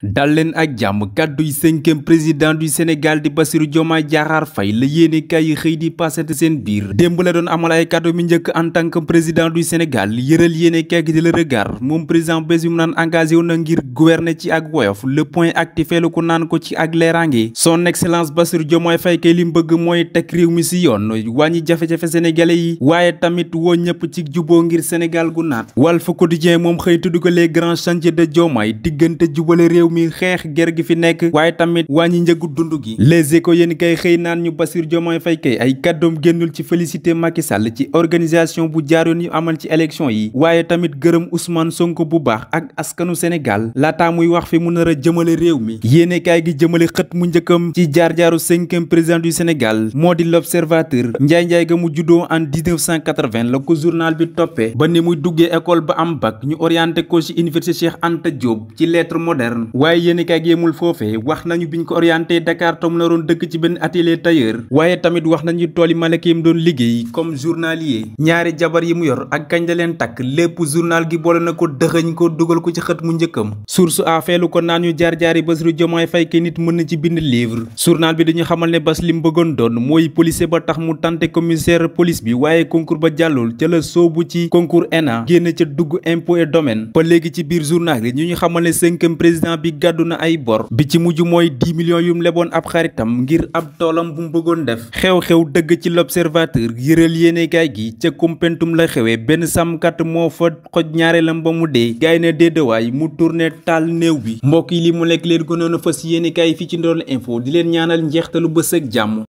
dal leen ak jàmm kàdduy cinquième président du Sénégal di Bassirou Diomaye Diakhar fay la yéene kaay yi xëy di passante seen biir démb la doon amal ay kàddu mi njëkk en tant que président du Sénégal yëral yéene kaay gi di la moom président bés yu naan engagé wu na ngir gouverner ci ak woyof le point activé lu ko naan ko ci ak leeraange son excellence Bassirou Diomaye Faye kay li mbëgg mooy teg réew mi si yoon wàññi jafe-jafe sénégalais yi waaye tamit woo ñëp ci juboo ngir Sénégal gu naat Walf Quotidien moom xëy tudd ko les grands de Diomaye diggante jubale réew mi xeex ger gi fi nekk waaye tamit wàññi njëgu dund gi les éco yéen kay xëy naan ñu Bassirou Diomaye Faye ay kàddoom génnul ci félicité Macky Sall ci organisation bu jaaroon yu amal ci élection yi waaye tamit gërëm Ousmane Sonko bu baax ak askanu Sénégal laataa muy wax fi mu nar a jëmale réew mi yéene kaay gi jëmale xët mu njëkkam ci jaar-jaaru cinquième président du Sénégal moo di l'observateur njaay-njaay ga mu juddoo en 1980 la ko journal bi toppee ba ni muy duggee école ba am ñu orienté ko ci université Cheikh Anta Diop ci lettres modernes waaye yéen kaay gi yemul foofee wax nañu ñu ko orienté Dakar tom naroon dëkk ci benn atelier tailleur waaye tamit wax nañu tool yi Malika yim doon liggéey comme journalier ñaari jabar yi mu yor ak kañ la leen takk lépp journal gi boole na ko dëxëñ ko dugal ko ci xët mu njëkkam source a feelu ko naan ñu jaar-jaari Bassirou Diomaye Faye ki nit mën na ci bind livre journal bi dañu xamal ne bas li mu bëggoon doon mooy policier ba tax mu tante commissaire police bi waaye concours ba jàllul ca la ci concours ENA génn ca dugg impôt et ba léegi ci biir journal yi ñu ñu xamal ne président bi gàddu na ay bor bi ci mujj mooy 10 millions yum leboon ab xaritam ngir ab toolam bu mu bëggoon def xew-xew dëgg ci l'observateur yëral yéenekaay gi ca Koumpentoum la xewee benn sàmmkat moo fa xoj ñaareelam ba mu dee gaay na déedawaay mu tourné taal néew bi mbokk yi li mu lekk leen gënoon a fas yéenekaay yi fii ci Ndondol info di leen ñaanal njeextalu bës ak jàmm